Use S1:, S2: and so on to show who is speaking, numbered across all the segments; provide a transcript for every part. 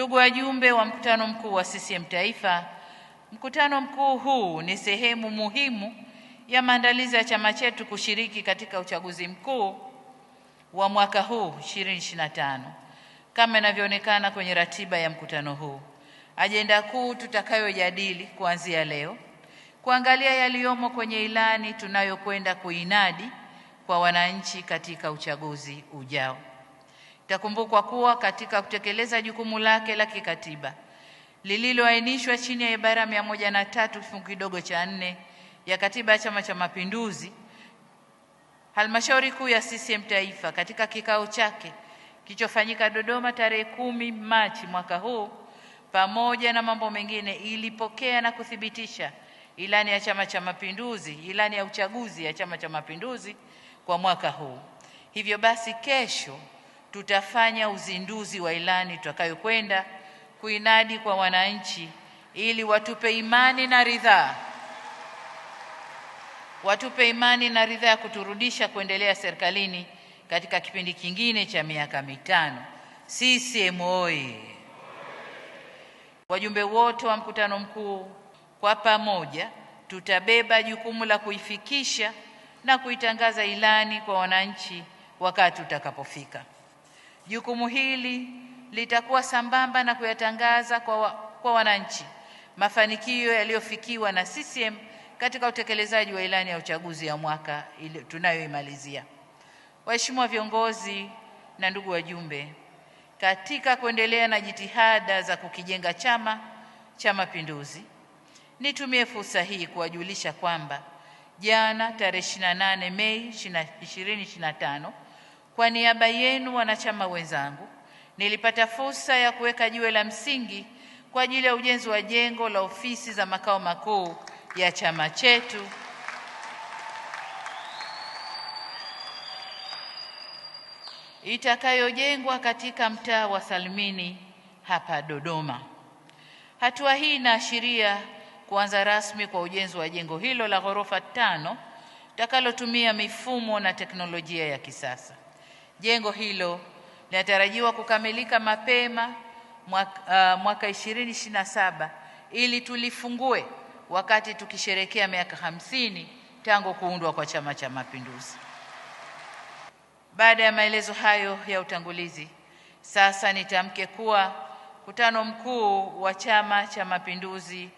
S1: Ndugu wajumbe wa mkutano mkuu wa CCM Taifa, mkutano mkuu huu ni sehemu muhimu ya maandalizi ya chama chetu kushiriki katika uchaguzi mkuu wa mwaka huu 2025 kama inavyoonekana kwenye ratiba ya mkutano huu. Ajenda kuu tutakayojadili kuanzia leo, kuangalia yaliyomo kwenye ilani tunayokwenda kuinadi kwa wananchi katika uchaguzi ujao. Itakumbukwa kuwa katika kutekeleza jukumu lake la kikatiba lililoainishwa chini ya ibara mia moja na tatu kifungu kidogo cha nne ya katiba ya Chama cha Mapinduzi, halmashauri kuu ya CCM taifa katika kikao chake kilichofanyika Dodoma tarehe kumi Machi mwaka huu, pamoja na mambo mengine, ilipokea na kuthibitisha ilani ya Chama cha Mapinduzi, ilani ya uchaguzi ya Chama cha Mapinduzi kwa mwaka huu. Hivyo basi kesho tutafanya uzinduzi wa ilani tutakayokwenda kuinadi kwa wananchi ili watupe imani na ridhaa, watupe imani na ridhaa ya kuturudisha kuendelea serikalini katika kipindi kingine cha miaka mitano. CCM oyee! Wajumbe wote wa mkutano mkuu kwa pamoja tutabeba jukumu la kuifikisha na kuitangaza ilani kwa wananchi wakati utakapofika. Jukumu hili litakuwa sambamba na kuyatangaza kwa, wa, kwa wananchi mafanikio yaliyofikiwa na CCM katika utekelezaji wa ilani ya uchaguzi ya mwaka tunayoimalizia. Waheshimiwa viongozi na ndugu wajumbe, katika kuendelea na jitihada za kukijenga Chama cha Mapinduzi, nitumie fursa hii kuwajulisha kwamba jana tarehe 28 Mei 2025 kwa niaba yenu wanachama wenzangu, nilipata fursa ya kuweka jiwe la msingi kwa ajili ya ujenzi wa jengo la ofisi za makao makuu ya chama chetu itakayojengwa katika mtaa wa Salimini hapa Dodoma. Hatua hii inaashiria kuanza rasmi kwa ujenzi wa jengo hilo la ghorofa tano litakalotumia mifumo na teknolojia ya kisasa. Jengo hilo linatarajiwa kukamilika mapema mwaka, uh, mwaka 2027 ili tulifungue wakati tukisherekea miaka hamsini tangu kuundwa kwa Chama cha Mapinduzi. Baada ya maelezo hayo ya utangulizi, sasa nitamke kuwa mkutano mkuu wa Chama cha Mapinduzi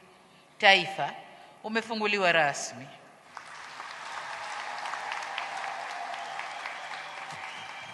S1: Taifa umefunguliwa rasmi.